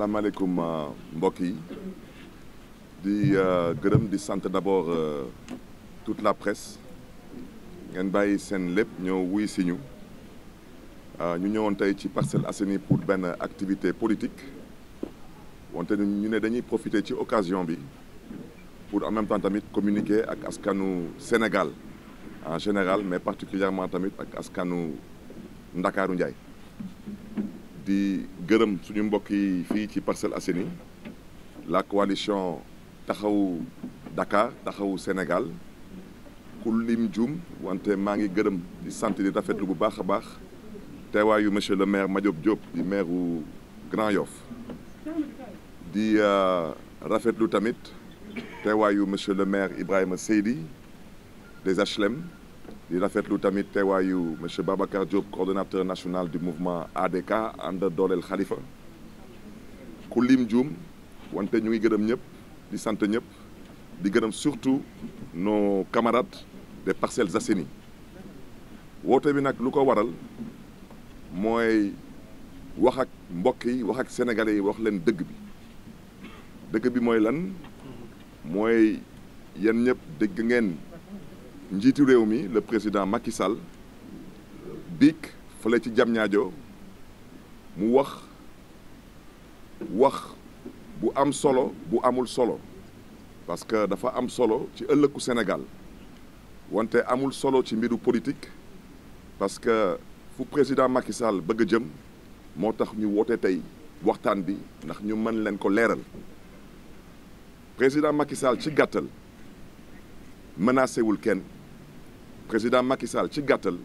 asalaamaaleykum euh, mbokk yi di euh, gërëm di sant d'abord euh, toute la presse ngeen bàyyi seen lépp ñëw wuy si ñu ñu ñëwoon tey ci Parcelles Assainies pour benn activité politique wante ñu ne dañuy profiter ci occasion bi pour en même temps tamit communiquer ak askanu Sénégal en général mais particulièrement tamit ak askanu Ndakaaru Njaay di gërëm suñu mbokk yi fii ci Parcelles Assainies la coalition taxawu Dakar taxawu Sénégal ku lim juum wante maa ngi gërëm di sant di rafetlu bu baax a baax teewaayu monsieur le maire Madiop Diop di maire wu Grand Yoff di euh, rafetlu tamit teewaayu monsieur le maire Ibrahima Seydi des HLM di rafetlu tamit teewaayu monsieur Babacar Diop coordonnateur national du mouvement ADK ànd dooleel xalifa ku lim juum wante ñu ngi gërëm ñëpp di sant ñëpp di gërëm surtout nos camarades des Parcelles Assainies woote bi nag lu ko waral mooy wax ak mbokk yi wax ak sénégalais yi wax leen dëgg bi dëgg bi mooy lan mooy yéen ñëpp dégg ngeen. njiitu réew mi le président Macky Sall biig fale ci jam Diamniadio mu wax wax bu am solo bu amul solo parce que dafa am solo ci ëllëgu Sénégal wante amul solo ci mbiru politique parce que fu président Macky Sall bëgg jëm moo tax ñu woote tey waxtaan bi ndax ñu mën leen ko leeral président Macky ci gàttal menacé wul kenn. président Macky Sall ci gàttal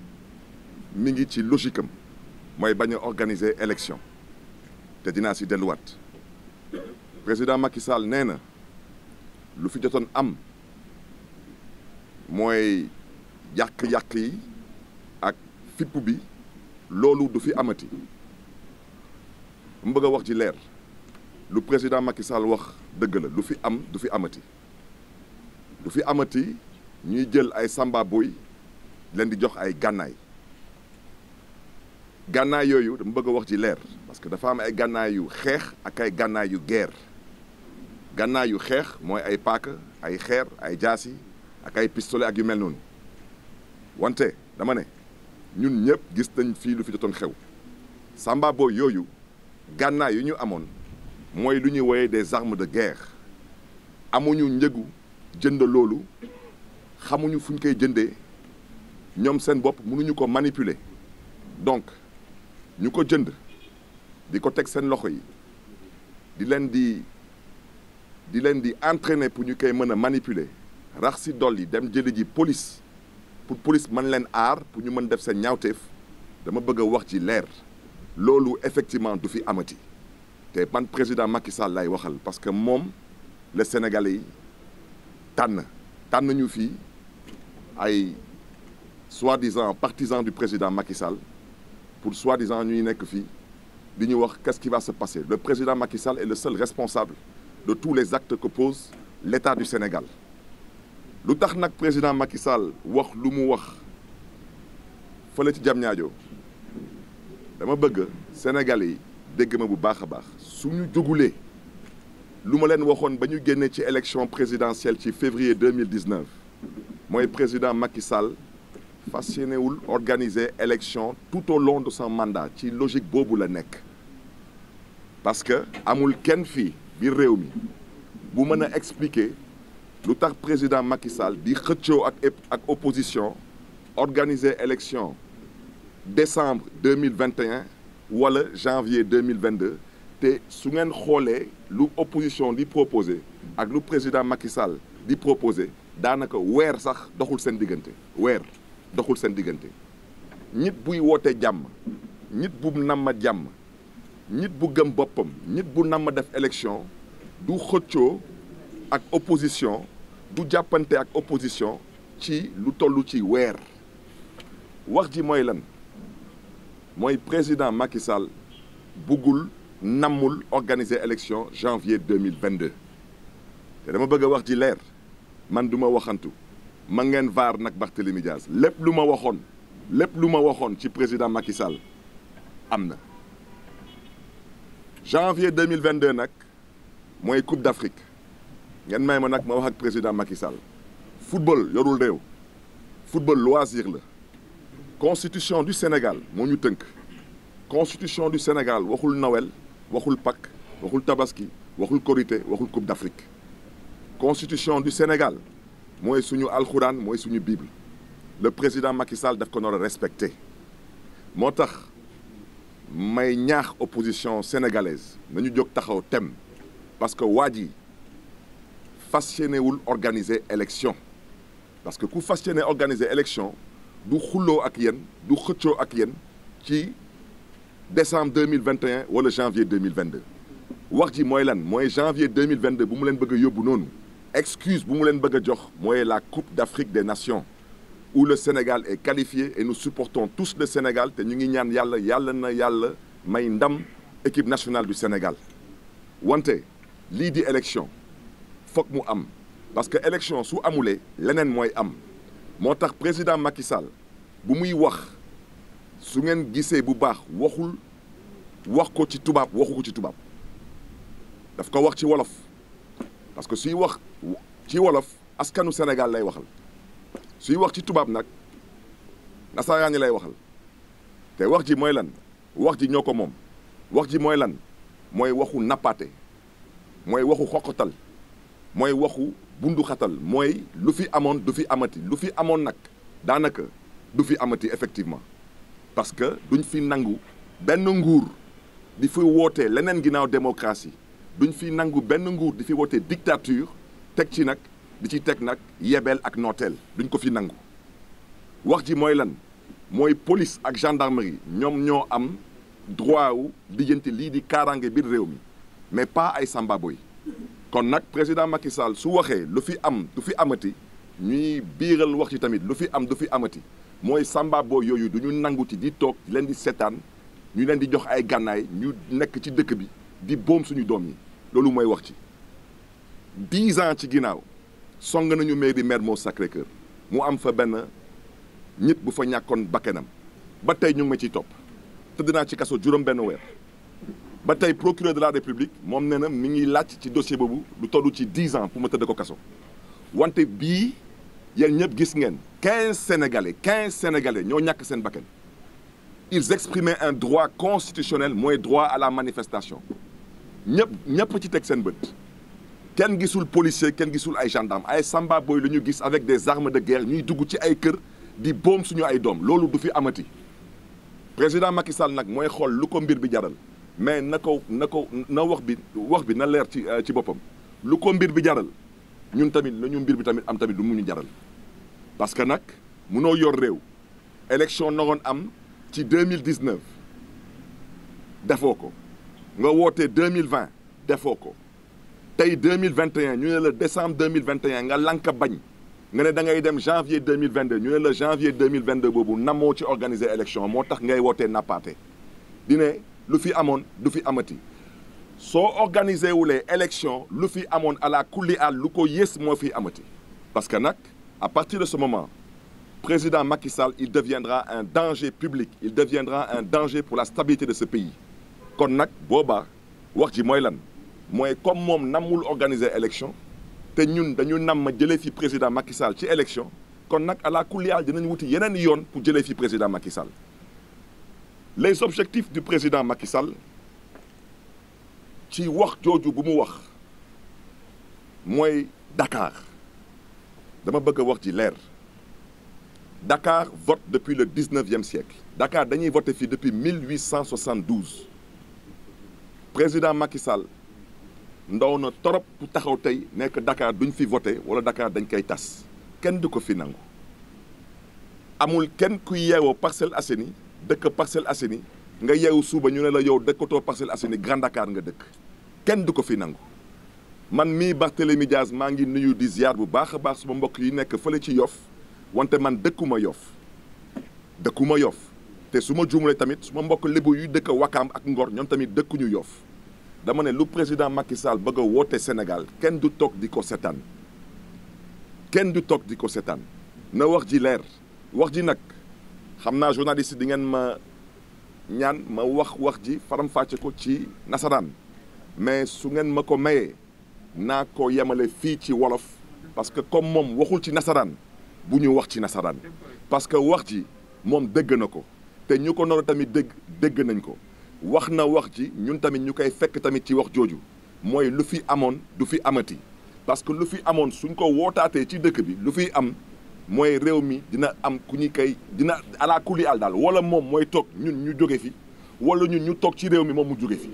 mi ngi ci logique mooy bañ a organiser élection te dinaa si delluwaat président Macky Sall nee na lu fi jotoon am mooy yàq-yàq yi ak fipp bi loolu du fi amati mu a wax ci leer lu président Macky Sall wax dëgg la lu fi am du fi amati du fi amati ñuy jël ay samba leen di jox ay gànnaay gànnaay yooyu dama bëgg a wax ci leer parce que dafa am ay gànnaay yu xeex ak ay gànnaay yu guerre gànnaay yu xeex mooy ay paaka ay xeer ay jaasi ak ay pistolet ak yu mel noonu wante dama ne ñun ñëpp gis nañ fii lu fi jotoon xew samba yooyu gànnaay yu ñu amoon mooy lu ñuy woyee des armes de geex amuñu njëgu jënd loolu xamuñu fu ñu koy jëndee ñoom seen bopp mënuñu ko manipuler donc ñu ko jënd di ko teg seen loxo yi di leen di di leen di entraîner pour ñu koy mën a manipuler rax si dolli dem jëli ji police pour police man leen aar pour ñu mën def seen ñaawteef dama bëgg a wax ci leer loolu effectivement du fi amati te man président Macky Sall lay waxal parce que moom la sénégal yi tànn tànn ñu fii ay. soi-disant partisan du président Macky Sall pour soi-disant ñuy nekk fii di ñu wax qu'est-ce qui va se passer le président Macky Sall le seul responsable de tous les actes que pose l'État du Sénégal lu tax nag président Macky Sall wax lu mu wax fële ci Diamniadio dama bëgg Sénégalais yi dégg ma bu baax a baax suñu jógulee lu ma leen waxoon ba ñu génnee ci élection présidentielle ci février 2019 mooy président Macky Sall fas yéenewul organiser élection tout au long de son mandat ci logique boobu la nekk parce que amul kenn fii biir réew mi bu mën a expliquer lu tax président Macky di xëccoo ak ak opposition organiser élection décembre deux mille vingt et wala janvier deux mille vingt deux te su ngeen xoolee lu opposition di proposé ak lu président Macky Sall di proposé daanaka weer sax doxul seen diggante weer. doxul seen diggante nit buy woote jàmm nit bu namm jàmm ñit bu gëm boppam nit bu namm def élection du xëccoo ak opposition du jàppante ak opposition ci lu toll ci weer wax ji mooy lan mooy président Macky buggul nammul organiser élection janvier deux mille vingt deux te dama bëgg a wax ji leer man duma waxantu. ma ngeen vaar nag Barthélémy Diaz lépp lu ma waxoon lépp lu ma waxoon ci président Macky Sall am na janvier 2022 nag mooy coupe d'Afrique ngeen may ma nag ma wax ak président Macky Sall football yorul réew football loisir la constitution du Sénégal moo ñu tënk constitution du Sénégal waxul Noël waxul pak waxul Tabaski waxul Korité waxul coupe d'Afrique constitution du Sénégal mooy suñu alxuraan mooy suñu bible le président Macky Sall daf ko nar a moo tax may ñaax opposition sénégalaise nañu jóg taxaw tem parce que waa ji fas yéenewul organiser élection parce que ku fas yéene organiser élection du xulloo ak yéen du xëccoo ak yéen ci décembre 2021 wala janvier 2022 wax ji mooy lan mooy janvier 2022 bu mu leen bëgg a yóbbu noonu excuse bu mu leen bëgg a jox mooy la coupe d'Afrique des nations où le Sénégal est qualifié et nous supportons tous le Sénégal te ñu ngi ñaan yàlla yàlla na yàlla may ndam équipe nationale du Sénégal wante lii di élection foog mu am parce que élection su amulee leneen mooy am moo tax président makisal bu muy wax su ngeen gisee bu baax waxul wax ko ci tubaab waxu ko ci tubaab daf ko wax ci wolof parce que suy wax ci wolof askanu Sénégal lay waxal suy wax ci tubaab nag nasaraan yi lay waxal te wax ji mooy lan wax ji ñoo ko moom wax ji mooy lan mooy waxu nappaate mooy waxu xoqatal mooy waxu bunduxatal mooy lu fi amoon du fi amati lu fi amoon nag daanaka du fi amati effectivement parce que duñ fi nangu benn nguur di fi wootee leneen ginnaaw démocratie duñ fi nangu benn nguur di fi woote dictature teg ci nag di ci teg nag yebeel ak nooteel duñ ko fi nangu wax ji mooy lan mooy police ak gendarmerie ñoom ñoo am droit wu lijjanti lii di kaaraange biir réew mi mais pas ay yi kon nag président Macky Sall su waxee lu fi am du fi amati ñuy biiral wax ci tamit lu fi am du fi amati mooy sambaboy yooyu duñu nanguti di toog leen di seetaan ñu leen di jox ay gànnaay ñu nekk ci dëkk bi di boom suñu doom loolu mooy wax ci dix ans ci ginnaaw song nañu mairie moo Sacré-Cœur mu am fa benn nit bu fa ñàkkoon bakkanam ba tey ñu ngi ma ciy topp tëdd naa ci kaso juróom benn weer ba tey procureur de la république moom nee na mi ngi laaj ci dossier boobu lu toll ci dix ans pour ma tëdd ko kaso wante bii yéen ñëpp gis ngeen quinze sénégalais quinze sénégalais ñoo ñàkk seen bakkan ils exprimaient un droit constitutionnel mooy droit à la manifestation ñëpp ñëpp ci teg seen bët kenn gisul policier kenn gisul ay gendarme ay samba boy la ñu gis avec des armes de guerre ñuy dugg ci ay kër di boom suñu ay doom loolu du fi amati président Macky Sall nag mooy xool lu ko mbir bi jaral mais na ko na ko na wax bi wax bi na leer ci euh, ci boppam lu ko mbir bi jaral ñun tamit nañu mbir bi tamit am tamit lu mu ñu jaral parce que nag noo yor réew élection naroon am ci 2019 defoo ko nga woote deux mille vingt defoo ko tey deux mille vingt et ñu ne la décembre mille vingt et un nga lank bañ nga ne da ngay dem janvier deux mille vingt ñu ne la janvier deux mille vingt deux boobu namoo ci organiser élection moo tax ngay wootee nappaate di ne lu fi amoon du fi amati soo organiser wulee élection lu fi amoon à la kulli àll lu ko yées moo fi amati parce que nag à partir de ce moment président Macky Sall il deviendra un danger public il deviendra un danger pour la stabilité de ce pays kon nag boobaa wax ji mooy lan mooy comme moom nammul organiser élection te ñun dañu namm jëlee fi président Macky Sall ci élection kon nag à la kulliyaal dinañ wuti yeneen yoon pour jëlee fi président Macky Sall les objectifs du président Macky Sall ci wax jooju bu mu wax mooy Dakar dama bëgg a wax ji leer Dakar vote depuis le 19e siècle Dakar dañuy voté fii depuis 1872 président Macky Sall ndaw na torop ku taxaw tey nekk Dakar duñ fi voté wala dakaar dañ koy tas kenn du ko fi nangu amul kenn kuy yeewoo Parcelles Assainies dëkk Parcelles Assainies nga yeewu suuba ñu ne la yow dëkkatoo Parcelles Assainies Grand Dakar nga dëkk kenn du ko fi nangu man mii Barthélémy Diaz maa ngi nuyu di ziar bu baax a baax ma mbokk yi nekk fële ci Yoff wante man dëkkuma yof dëkkuma yof te su ma juumlee tamit su ma mbokk Lebu yuy dëkk Wakaam ak Ngor ñoom tamit dëkkuñu Yoff dama ne lu président Macky Sall bëgg a woote Sénégal kenn du toog di ko seetaan kenn du toog di ko seetaan na wax ji leer wax ji nag xam naa journaliste di ngeen ma ñaan ma wax wax ji faram-fàcce ko ci nasaraan mais su ngeen ma ko mayee naa ko yemale fii ci wolof parce que comme moom waxul ci nasaraan bu ñu wax ci nasaraan parce que wax ji moom dégg na ko te ñu ko noonu tamit dégg dégg nañ ko wax na wax ji ñun tamit ñu koy fekk tamit ci wax jooju mooy lu fi amoon du fi amati parce que lu fi amoon suñ ko wootaatee ci dëkk bi lu fiy am mooy réew mi dina am ku ñu kay dina ala kuli al daal wala moom mooy toog ñun ñu jóge fi wala ñun ñu toog ci réew mi moom mu jóge fi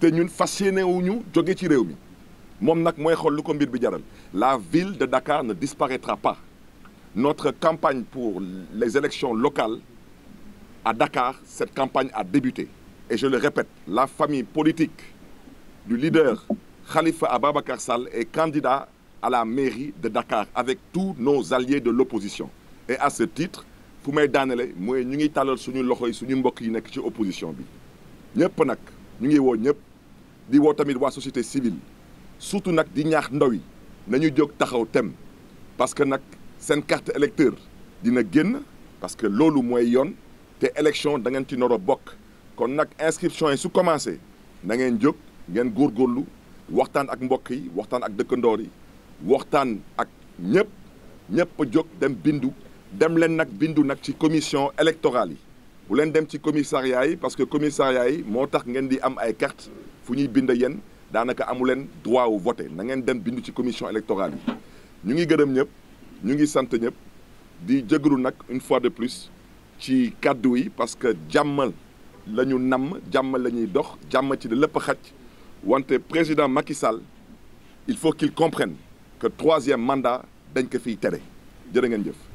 te ñun fas yéene jóge ci réew mi moom nag mooy xool lu ko mbir bi jaral la ville de Dakar ne disparaîtra pas notre campagne pour les élections locales à Dakar cette campagne débuté Et je la famille politique du leader Khalifa Ababakar Sall est candidat à la mairie de Dakar avec tous nos alliés de l'opposition. Et à ce titre fu may daanele mooy ñu ngi tàllal suñu loxo yi suñu mbokk yi nekk ci opposition bi ñëpp nag ñu ngi woo ñëpp di woo tamit waa société civile surtout nag di ñaax ndaw yi nañu jóg taxaw tem parce que nag seen carte électeur dina génn parce que loolu mooy yoon te élection da ngeen ci noro bokk kon nag inscription yi su commencé na ngeen jóg ngeen góor góorlu waxtaan ak mbokk yi waxtaan ak dëkkandoor yi waxtaan ak ñëpp ñëpp a jóg dem bindu dem leen nag bindu nag ci commission électorale yi bu leen dem ci commissariat yi parce que commissariat yi moo tax ngeen di am ay carte fu ñuy bind yéen daanaka amu leen droit wu voté na ngeen dem bindu ci commission électorale yi ñu ngi gërëm ñëpp ñu ngi sant ñëpp di jégalu nag une fois de plus ci kàddu yi parce que jàmmal la ñu namm jàmm la ñuy dox jàmm ci la lépp a xaj wante président Macky Sall il faut qu'il comprenne que troisième mandat dañ ko fiy tere jërë ngeen jëf